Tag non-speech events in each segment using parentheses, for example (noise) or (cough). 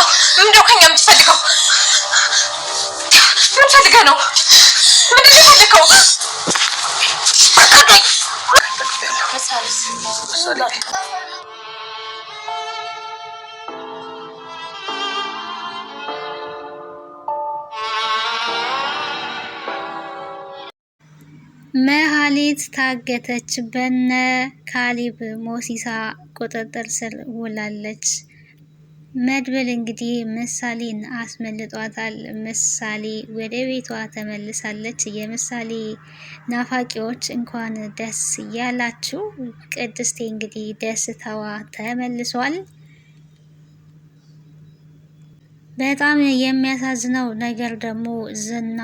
ነው? ምንድነው ከኛ የምትፈልገው? ምን ፈልገህ ነው? ምንድን ነው የፈለከው? ታገተች። በነ ካሊብ ሞሲሳ ቁጥጥር ስር ውላለች። መድብል እንግዲህ ምሳሌን አስመልጧታል። ምሳሌ ወደ ቤቷ ተመልሳለች። የምሳሌ ናፋቂዎች እንኳን ደስ ያላችሁ። ቅድስቴ እንግዲህ ደስታዋ ተመልሷል። በጣም የሚያሳዝነው ነገር ደግሞ ዝና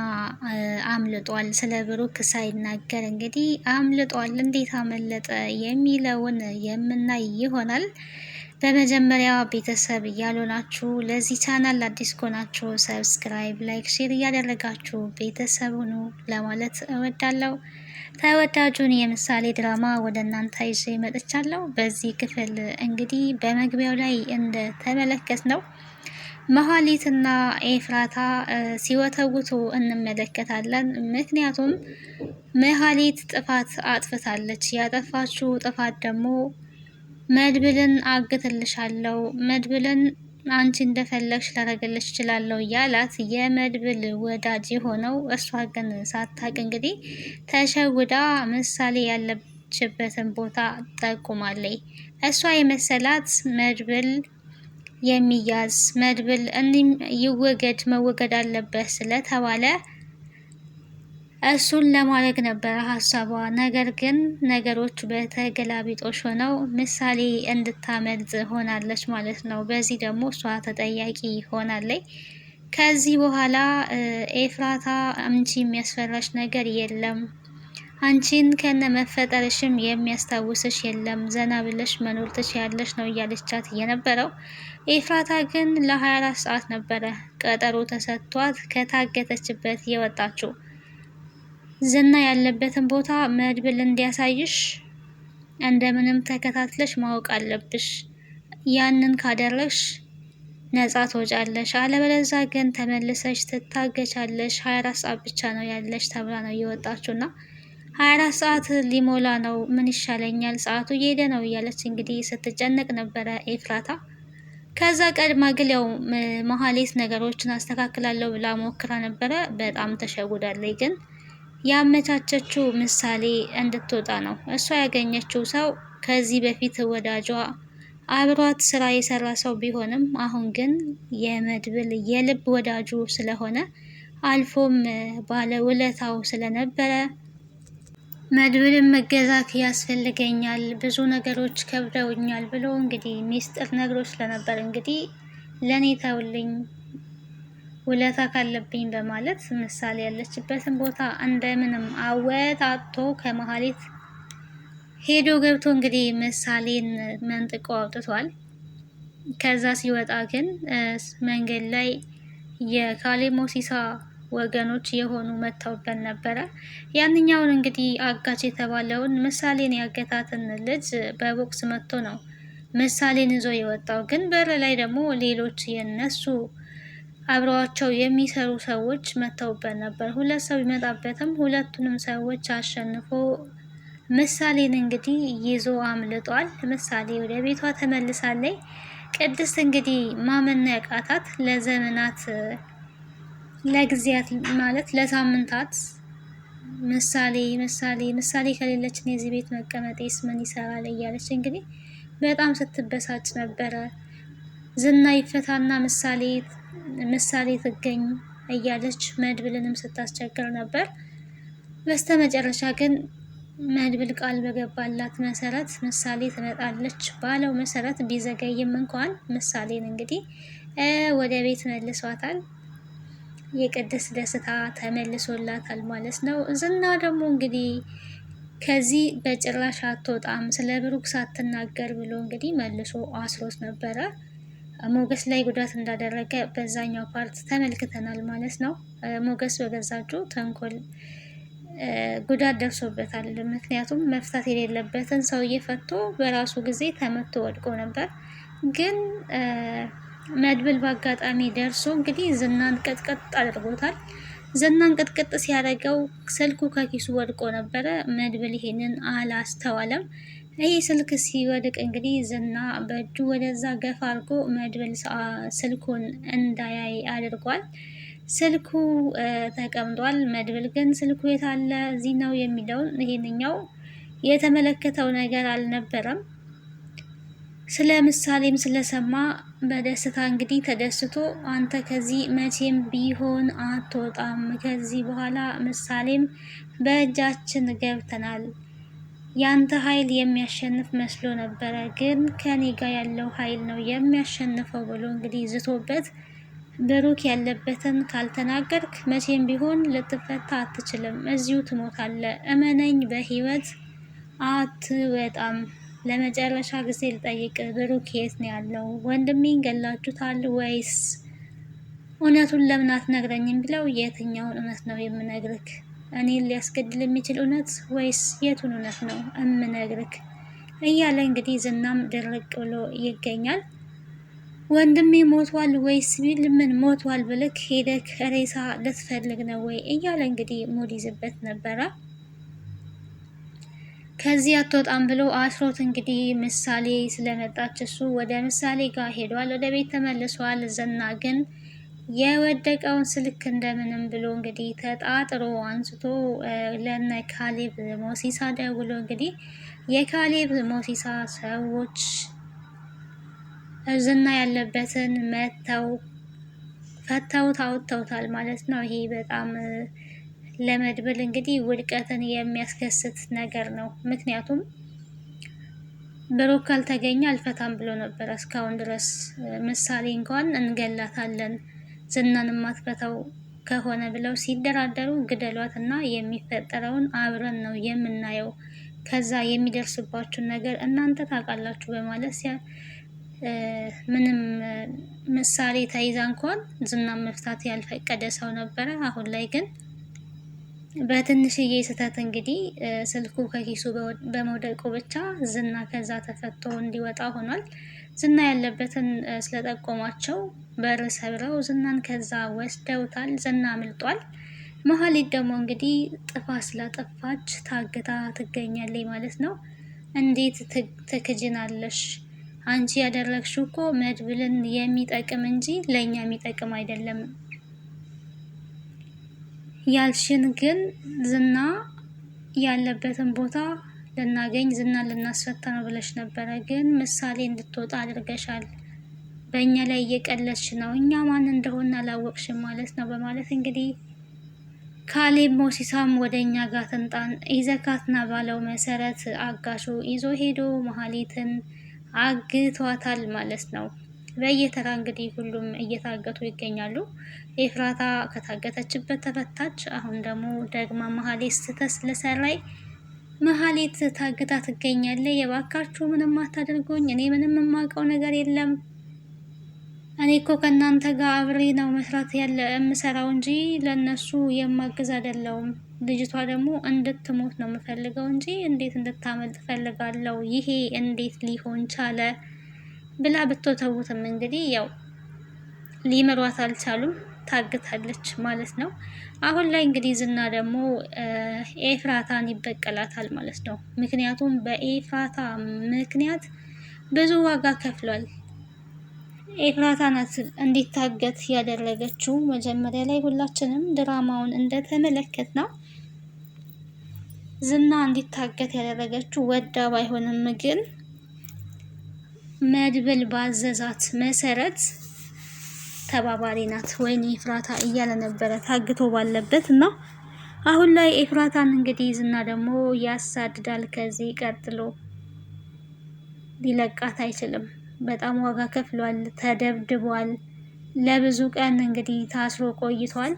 አምልጧል። ስለ ብሩክ ሳይናገር እንግዲህ አምልጧል። እንዴት አመለጠ የሚለውን የምናይ ይሆናል። በመጀመሪያ ቤተሰብ እያልሆናችሁ ለዚህ ቻናል አዲስ ከሆናችሁ ሰብስክራይብ፣ ላይክ፣ ሼር እያደረጋችሁ ቤተሰብ ሁኑ ለማለት እወዳለሁ። ተወዳጁን የምሳሌ ድራማ ወደ እናንተ ይዤ መጥቻለሁ። በዚህ ክፍል እንግዲህ በመግቢያው ላይ እንደተመለከት ነው መሀሊትና ኤፍራታ ሲወተውቱ እንመለከታለን። ምክንያቱም መሀሊት ጥፋት አጥፍታለች። ያጠፋችው ጥፋት ደግሞ መድብልን አግትልሻለሁ፣ መድብልን አንቺ እንደፈለግሽ ላደርግልሽ እችላለሁ እያላት የመድብል ወዳጅ የሆነው እሷ ግን ሳታቅ እንግዲህ ተሸውዳ ምሳሌ ያለችበትን ቦታ ጠቁማለይ። እሷ የመሰላት መድብል የሚያዝ መድብል እንዲህ ይወገድ መወገድ አለበት ስለተባለ እሱን ለማድረግ ነበረ ሀሳቧ። ነገር ግን ነገሮች በተገላቢጦሽ ሆነው ምሳሌ እንድታመልጥ ሆናለች ማለት ነው። በዚህ ደግሞ እሷ ተጠያቂ ሆናለች። ከዚህ በኋላ ኤፍራታ አንቺ የሚያስፈራሽ ነገር የለም፣ አንቺን ከነ መፈጠርሽም የሚያስታውስሽ የለም፣ ዘና ብለሽ መኖር ትችያለሽ ነው እያለቻት የነበረው። ኤፍራታ ግን ለ24 ሰዓት ነበረ ቀጠሮ ተሰጥቷት ከታገተችበት የወጣችው። ዝና ያለበትን ቦታ መድብል እንዲያሳይሽ እንደምንም ተከታትለሽ ማወቅ አለብሽ። ያንን ካደረግሽ ነጻ ትወጫለሽ። አለበለዛ ግን ተመልሰሽ ትታገቻለሽ። ሀያ አራት ሰዓት ብቻ ነው ያለሽ ተብላ ነው እየወጣችሁ እና ሀያ አራት ሰዓት ሊሞላ ነው። ምን ይሻለኛል ሰዓቱ እየሄደ ነው እያለች እንግዲህ ስትጨነቅ ነበረ ኤፍራታ። ከዛ ቀድማ ግን ያው መሀሌት ነገሮችን አስተካክላለሁ ብላ ሞክራ ነበረ። በጣም ተሸጉዳለች ግን ያመቻቸችው ምሳሌ እንድትወጣ ነው። እሷ ያገኘችው ሰው ከዚህ በፊት ወዳጇ አብሯት ስራ የሰራ ሰው ቢሆንም አሁን ግን የመድብል የልብ ወዳጁ ስለሆነ አልፎም ባለ ውለታው ስለነበረ መድብልን መገዛት ያስፈልገኛል፣ ብዙ ነገሮች ከብደውኛል ብሎ እንግዲህ ሚስጥር ነግሮ ስለነበር እንግዲህ ለእኔ ተውልኝ ውለታ ካለብኝ በማለት ምሳሌ ያለችበትን ቦታ እንደምንም አወጣቶ ከመሀሌት ሄዶ ገብቶ እንግዲህ ምሳሌን መንጥቆ አውጥቷል። ከዛ ሲወጣ ግን መንገድ ላይ የካሌ ሞሲሳ ወገኖች የሆኑ መጥተውበት ነበረ። ያንኛውን እንግዲህ አጋች የተባለውን ምሳሌን ያገታትን ልጅ በቦክስ መጥቶ ነው ምሳሌን ይዞ የወጣው። ግን በር ላይ ደግሞ ሌሎች የነሱ አብረዋቸው የሚሰሩ ሰዎች መጥተውበት ነበር። ሁለት ሰው ቢመጣበትም ሁለቱንም ሰዎች አሸንፎ ምሳሌን እንግዲህ ይዞ አምልጧል። ምሳሌ ወደ ቤቷ ተመልሳለች። ቅድስት እንግዲህ ማመን ያቃታት ለዘመናት ለጊዜያት ማለት ለሳምንታት ምሳሌ ምሳሌ ምሳሌ ከሌለችን የዚህ ቤት መቀመጤስ ምን ይሰራል እያለች እንግዲህ በጣም ስትበሳጭ ነበረ። ዝና ይፈታና ምሳሌ ምሳሌ ትገኝ እያለች መድብልንም ስታስቸግር ነበር። በስተመጨረሻ ግን መድብል ቃል በገባላት መሰረት ምሳሌ ትመጣለች ባለው መሰረት ቢዘገይም እንኳን ምሳሌን እንግዲህ ወደ ቤት መልሷታል። የቅድስት ደስታ ተመልሶላታል ማለት ነው። ዝና ደግሞ እንግዲህ ከዚህ በጭራሽ አትወጣም ስለ ብሩክ ሳትናገር ብሎ እንግዲህ መልሶ አስሮት ነበረ። ሞገስ ላይ ጉዳት እንዳደረገ በዛኛው ፓርት ተመልክተናል ማለት ነው። ሞገስ በገዛጩ ተንኮል ጉዳት ደርሶበታል። ምክንያቱም መፍታት የሌለበትን ሰውዬ ፈቶ በራሱ ጊዜ ተመቶ ወድቆ ነበር። ግን መድብል በአጋጣሚ ደርሶ እንግዲህ ዝናን ቀጥቀጥ አድርጎታል። ዝናን ቅጥቅጥ ሲያደርገው ስልኩ ከኪሱ ወድቆ ነበረ። መድብል ይሄንን አላስተዋለም። ይህ ስልክ ሲወድቅ እንግዲህ ዝና በእጁ ወደዛ ገፋ አድርጎ መድብል ስልኩን እንዳያይ አድርጓል። ስልኩ ተቀምጧል። መድብል ግን ስልኩ የታለ እዚህ ነው የሚለውን ይህንኛው የተመለከተው ነገር አልነበረም። ስለ ምሳሌም ስለሰማ በደስታ እንግዲህ ተደስቶ አንተ ከዚህ መቼም ቢሆን አትወጣም፣ ከዚህ በኋላ ምሳሌም በእጃችን ገብተናል ያንተ ኃይል የሚያሸንፍ መስሎ ነበረ፣ ግን ከኔ ጋር ያለው ኃይል ነው የሚያሸንፈው ብሎ እንግዲህ ዝቶበት ብሩክ ያለበትን ካልተናገርክ መቼም ቢሆን ልትፈታ አትችልም፣ እዚሁ ትሞታለህ። እመነኝ፣ በህይወት አትወጣም። ለመጨረሻ ጊዜ ልጠይቅ፣ ብሩክ የት ነው ያለው? ወንድሜን ገላችሁታል ወይስ እውነቱን ለምን አትነግረኝም? ብለው የትኛውን እውነት ነው የምነግርክ? እኔ ሊያስገድል የሚችል እውነት ወይስ የቱን እውነት ነው እምነግርክ? እያለ እንግዲህ ዝናም ድርቅ ብሎ ይገኛል። ወንድሜ ሞቷል ወይስ ቢል ምን ሞቷል ብልክ ሄደክ ሬሳ ልትፈልግ ነው ወይ እያለ እንግዲህ ሙድ ይዝበት ነበረ። ከዚህ አትወጣም ብሎ አስሮት እንግዲህ ምሳሌ ስለመጣች እሱ ወደ ምሳሌ ጋር ሄዷል። ወደ ቤት ተመልሷል። ዝና ግን የወደቀውን ስልክ እንደምንም ብሎ እንግዲህ ተጣጥሮ አንስቶ ለነ ካሌብ ሞሲሳ ደውሎ እንግዲህ የካሌብ ሞሲሳ ሰዎች ዝና ያለበትን መተው ፈተውት አውጥተውታል ማለት ነው። ይሄ በጣም ለመድብል እንግዲህ ውድቀትን የሚያስከስት ነገር ነው። ምክንያቱም ብሩክ ካልተገኘ አልፈታም ብሎ ነበር እስካሁን ድረስ። ምሳሌ እንኳን እንገላታለን ዝናን ማትፈተው ከሆነ ብለው ሲደራደሩ ግደሏት እና የሚፈጠረውን አብረን ነው የምናየው፣ ከዛ የሚደርስባችሁን ነገር እናንተ ታውቃላችሁ በማለት ሲያ ምንም ምሳሌ ተይዛ እንኳን ዝናን መፍታት ያልፈቀደ ሰው ነበረ። አሁን ላይ ግን በትንሽዬ ስህተት እንግዲህ ስልኩ ከኪሱ በመውደቁ ብቻ ዝና ከዛ ተፈቶ እንዲወጣ ሆኗል። ዝና ያለበትን ስለጠቆማቸው በር ሰብረው ዝናን ከዛ ወስደውታል። ዝና አምልጧል። መሀሌት ደግሞ እንግዲህ ጥፋ ስላጠፋች ታግታ ትገኛለች ማለት ነው። እንዴት ትክጅናለሽ? አንቺ ያደረግሽው እኮ መድብልን የሚጠቅም እንጂ ለእኛ የሚጠቅም አይደለም ያልሽን ግን ዝና ያለበትን ቦታ ልናገኝ ዝናን ልናስፈታ ነው ብለሽ ነበረ፣ ግን ምሳሌ እንድትወጣ አድርገሻል። በእኛ ላይ እየቀለድሽ ነው፣ እኛ ማን እንደሆነ አላወቅሽም ማለት ነው በማለት እንግዲህ ካሌብ ሞሲሳም ወደ እኛ ጋር ተንጣን ይዘካትና ባለው መሰረት አጋሹ ይዞ ሄዶ መሀሌትን አግቷታል ማለት ነው። በየተራ እንግዲህ ሁሉም እየታገቱ ይገኛሉ። ኤፍራታ ከታገተችበት ተፈታች። አሁን ደግሞ ደግማ መሀሌት ስተት መሀሌት ታግታ ትገኛለ። የባካችሁ ምንም አታደርጉኝ፣ እኔ ምንም የማውቀው ነገር የለም። እኔ እኮ ከእናንተ ጋር አብሬ ነው መስራት ያለ የምሰራው እንጂ ለእነሱ የማግዝ አይደለውም። ልጅቷ ደግሞ እንድትሞት ነው የምፈልገው እንጂ እንዴት እንድታመልጥ ፈልጋለው። ይሄ እንዴት ሊሆን ቻለ ብላ ብትተውትም እንግዲህ ያው ሊመሯት አልቻሉም። ታግታለች ማለት ነው። አሁን ላይ እንግዲህ ዝና ደግሞ ኤፍራታን ይበቀላታል ማለት ነው። ምክንያቱም በኤፍራታ ምክንያት ብዙ ዋጋ ከፍሏል። ኤፍራታ ናት እንዲታገት ያደረገችው። መጀመሪያ ላይ ሁላችንም ድራማውን እንደተመለከት ነው ዝና እንዲታገት ያደረገችው ወዳ ባይሆንም ግን መድብል ባዘዛት መሰረት ተባባሪ ናት ወይኔ ኤፍራታ እያለ ነበረ ታግቶ ባለበት እና አሁን ላይ ኤፍራታን እንግዲህ ዝና ደግሞ ያሳድዳል። ከዚህ ቀጥሎ ሊለቃት አይችልም። በጣም ዋጋ ከፍሏል፣ ተደብድቧል። ለብዙ ቀን እንግዲህ ታስሮ ቆይቷል።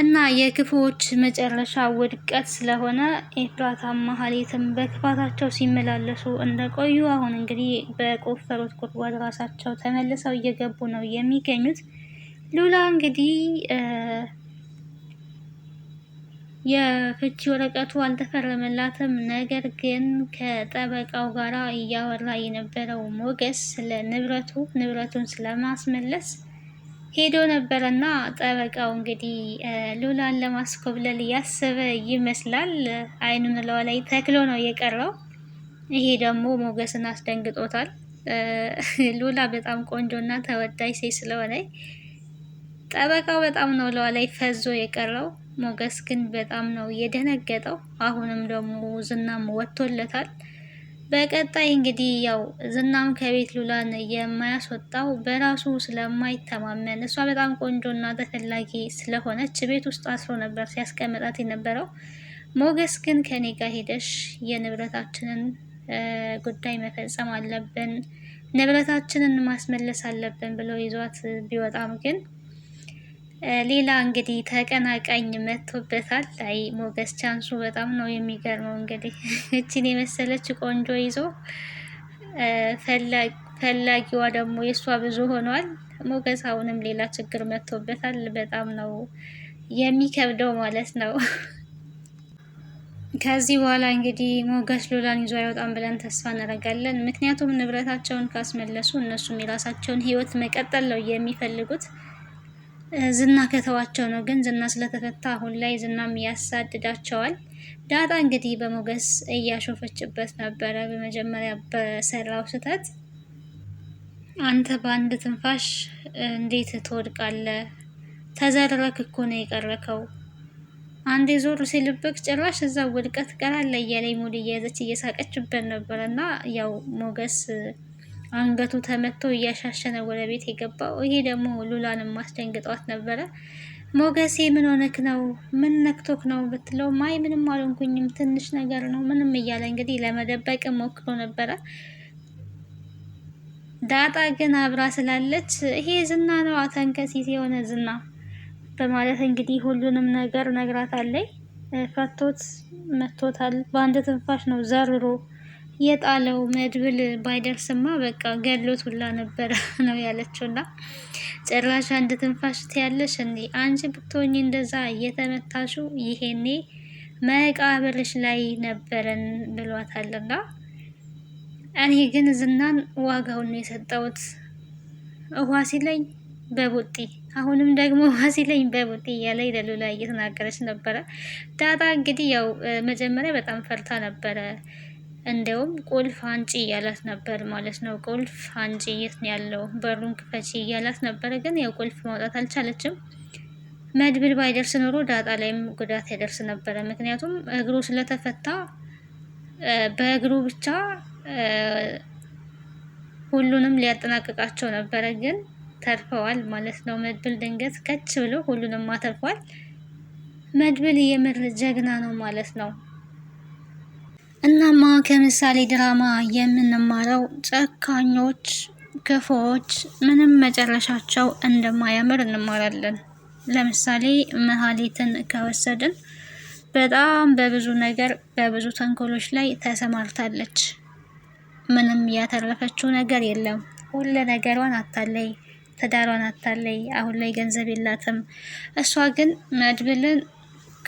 እና የክፉዎች መጨረሻ ውድቀት ስለሆነ ኤፍራታ ማህሌትም በክፋታቸው ሲመላለሱ እንደቆዩ አሁን እንግዲህ በቆፈሩት ጉድጓድ ራሳቸው ተመልሰው እየገቡ ነው የሚገኙት። ሉላ እንግዲህ የፍቺ ወረቀቱ አልተፈረመላትም። ነገር ግን ከጠበቃው ጋራ እያወራ የነበረው ሞገስ ስለ ንብረቱ ንብረቱን ስለማስመለስ ሄዶ ነበረና ጠበቃው እንግዲህ ሉላን ለማስኮብለል እያሰበ ይመስላል። አይኑን ለዋ ላይ ተክሎ ነው የቀረው። ይሄ ደግሞ ሞገስን አስደንግጦታል። ሉላ በጣም ቆንጆና ተወዳጅ ሴት ስለሆነ ጠበቃው በጣም ነው ለዋ ላይ ፈዞ የቀረው። ሞገስ ግን በጣም ነው የደነገጠው። አሁንም ደግሞ ዝናም ወጥቶለታል። በቀጣይ እንግዲህ ያው ዝናም ከቤት ሉላን የማያስወጣው በራሱ ስለማይተማመን እሷ በጣም ቆንጆ እና ተፈላጊ ስለሆነች ቤት ውስጥ አስሮ ነበር ሲያስቀምጣት የነበረው። ሞገስ ግን ከኔ ጋር ሄደሽ የንብረታችንን ጉዳይ መፈጸም አለብን፣ ንብረታችንን ማስመለስ አለብን ብሎ ይዟት ቢወጣም ግን ሌላ እንግዲህ ተቀናቃኝ መጥቶበታል። አይ ሞገስ ቻንሱ በጣም ነው የሚገርመው። እንግዲህ እችን የመሰለች ቆንጆ ይዞ ፈላጊዋ ደግሞ የእሷ ብዙ ሆኗል። ሞገስ አሁንም ሌላ ችግር መጥቶበታል። በጣም ነው የሚከብደው ማለት ነው። ከዚህ በኋላ እንግዲህ ሞገስ ሎላን ይዞ አይወጣም ብለን ተስፋ እናደርጋለን። ምክንያቱም ንብረታቸውን ካስመለሱ እነሱም የራሳቸውን ሕይወት መቀጠል ነው የሚፈልጉት። ዝና ከተዋቸው ነው። ግን ዝና ስለተፈታ አሁን ላይ ዝናም ያሳድዳቸዋል። ዳጣ እንግዲህ በሞገስ እያሾፈችበት ነበረ። በመጀመሪያ በሰራው ስህተት አንተ በአንድ ትንፋሽ እንዴት ትወድቃለህ? ተዘረረክ እኮ ነው የቀረከው። አንዴ ዞር ሲልብቅ ጭራሽ እዛ ውድቀት ቀራለ እያለ ሙድ እየያዘች እየሳቀችበት ነበረ እና ያው ሞገስ አንገቱ ተመቶ እያሻሸነ ወደ ቤት የገባው። ይሄ ደግሞ ሉላን ማስደንግጧት ነበረ። ሞገሴ ምን ሆነክ ነው? ምን ነክቶክ ነው ብትለው ማይ ምንም አልሆንኩኝም ትንሽ ነገር ነው ምንም እያለ እንግዲህ ለመደበቅ ሞክሮ ነበረ። ዳጣ ግን አብራ ስላለች ይሄ ዝና ነው አተንከሲት የሆነ ዝና በማለት እንግዲህ ሁሉንም ነገር ነግራታለች። ፈቶት መቶታል። በአንድ ትንፋሽ ነው ዘርሮ የጣለው መድብል ባይደርስማ በቃ ገሎት ሁላ ነበረ (laughs) ነው ያለችው። እና ጭራሽ አንድ ትንፋሽ ትያለሽ እንዴ? አንቺ ብትሆኝ እንደዛ እየተመታሹ ይሄኔ መቃብርሽ ላይ ነበረን ብሏታልና፣ እኔ ግን ዝናን ዋጋውን ነው የሰጠሁት። ውሃ ሲለኝ በቡጢ አሁንም ደግሞ ውሃ ሲለኝ በቡጢ እያለ ላይ እየተናገረች ነበረ። ዳጣ እንግዲህ ያው መጀመሪያ በጣም ፈርታ ነበረ እንደውም ቁልፍ አንጪ እያላት ነበር ማለት ነው። ቁልፍ አንጪ የት ነው ያለው? በሩን ክፈች እያላት ነበረ። ግን ያው ቁልፍ ማውጣት አልቻለችም። መድብል ባይደርስ ኖሮ ዳጣ ላይም ጉዳት ያደርስ ነበረ። ምክንያቱም እግሩ ስለተፈታ በእግሩ ብቻ ሁሉንም ሊያጠናቅቃቸው ነበረ፣ ግን ተርፈዋል ማለት ነው። መድብል ድንገት ከች ብሎ ሁሉንም አተርፏል። መድብል የምር ጀግና ነው ማለት ነው። እናማ ከምሳሌ ድራማ የምንማረው ጨካኞች፣ ክፉዎች ምንም መጨረሻቸው እንደማያምር እንማራለን። ለምሳሌ መሀሌትን ከወሰድን በጣም በብዙ ነገር በብዙ ተንኮሎች ላይ ተሰማርታለች። ምንም ያተረፈችው ነገር የለም። ሁሉ ነገሯን አታለይ፣ ትዳሯን አታለይ። አሁን ላይ ገንዘብ የላትም። እሷ ግን መድብልን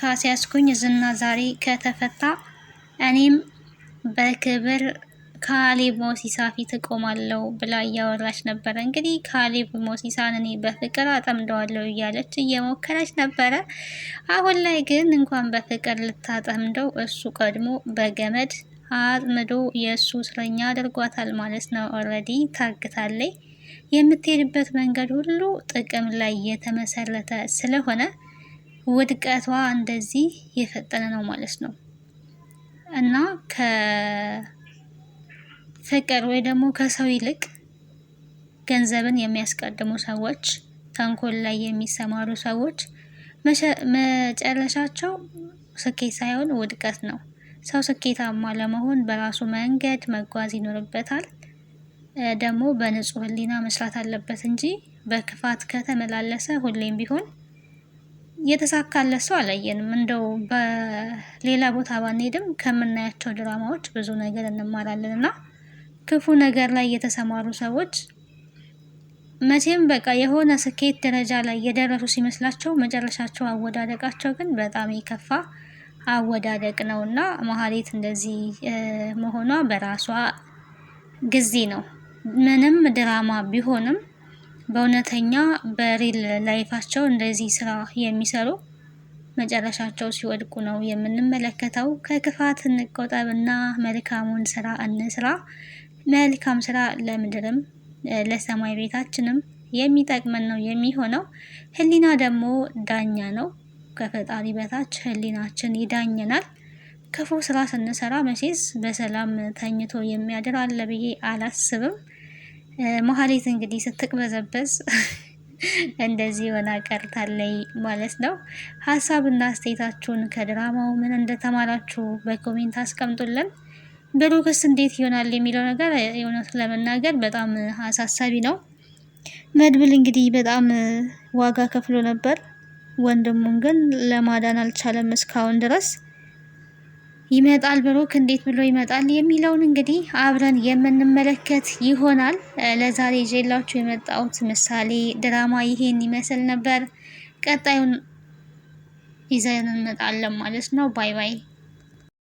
ካስያዝኩኝ ዝና ዛሬ ከተፈታ እኔም በክብር ካሌብ ሞሲሳ ፊት እቆማለሁ ብላ እያወራች ነበረ። እንግዲህ ካሌብ ሞሲሳን እኔ በፍቅር አጠምደዋለሁ እያለች እየሞከረች ነበረ። አሁን ላይ ግን እንኳን በፍቅር ልታጠምደው እሱ ቀድሞ በገመድ አጥምዶ የእሱ እስረኛ አድርጓታል ማለት ነው። ኦልሬዲ ታግታለች። የምትሄድበት መንገድ ሁሉ ጥቅም ላይ የተመሰረተ ስለሆነ ውድቀቷ እንደዚህ የፈጠነ ነው ማለት ነው። እና ከፍቅር ወይ ደግሞ ከሰው ይልቅ ገንዘብን የሚያስቀድሙ ሰዎች፣ ተንኮል ላይ የሚሰማሩ ሰዎች መጨረሻቸው ስኬት ሳይሆን ውድቀት ነው። ሰው ስኬታማ ለመሆን በራሱ መንገድ መጓዝ ይኖርበታል። ደግሞ በንጹህ ሕሊና መስራት አለበት እንጂ በክፋት ከተመላለሰ ሁሌም ቢሆን የተሳካለት ሰው አላየንም። እንደው በሌላ ቦታ ባንሄድም ከምናያቸው ድራማዎች ብዙ ነገር እንማራለን እና ክፉ ነገር ላይ የተሰማሩ ሰዎች መቼም በቃ የሆነ ስኬት ደረጃ ላይ የደረሱ ሲመስላቸው መጨረሻቸው አወዳደቃቸው ግን በጣም የከፋ አወዳደቅ ነው እና መሀሌት እንደዚህ መሆኗ በራሷ ጊዜ ነው ምንም ድራማ ቢሆንም በእውነተኛ በሪል ላይፋቸው እንደዚህ ስራ የሚሰሩ መጨረሻቸው ሲወድቁ ነው የምንመለከተው። ከክፋት እንቆጠብና መልካሙን ስራ እንስራ። መልካም ስራ ለምድርም ለሰማይ ቤታችንም የሚጠቅመን ነው የሚሆነው። ህሊና ደግሞ ዳኛ ነው። ከፈጣሪ በታች ህሊናችን ይዳኘናል። ክፉ ስራ ስንሰራ መቼስ በሰላም ተኝቶ የሚያድር አለ ብዬ አላስብም። መሀሌት እንግዲህ ስትቅበዘበዝ እንደዚህ ሆና ቀርታለይ ማለት ነው። ሀሳብና አስተያየታችሁን ከድራማው ምን እንደተማራችሁ በኮሜንት አስቀምጡልን። ብሩክስ እንዴት ይሆናል የሚለው ነገር የሆነ ለመናገር በጣም አሳሳቢ ነው። መድብል እንግዲህ በጣም ዋጋ ከፍሎ ነበር። ወንድሙን ግን ለማዳን አልቻለም እስካሁን ድረስ ይመጣል ብሩክ እንዴት ብሎ ይመጣል የሚለውን እንግዲህ አብረን የምንመለከት ይሆናል። ለዛሬ ይዤላችሁ የመጣሁት ምሳሌ ድራማ ይሄን ይመስል ነበር። ቀጣዩን ይዘን እንመጣለን ማለት ነው። ባይ ባይ።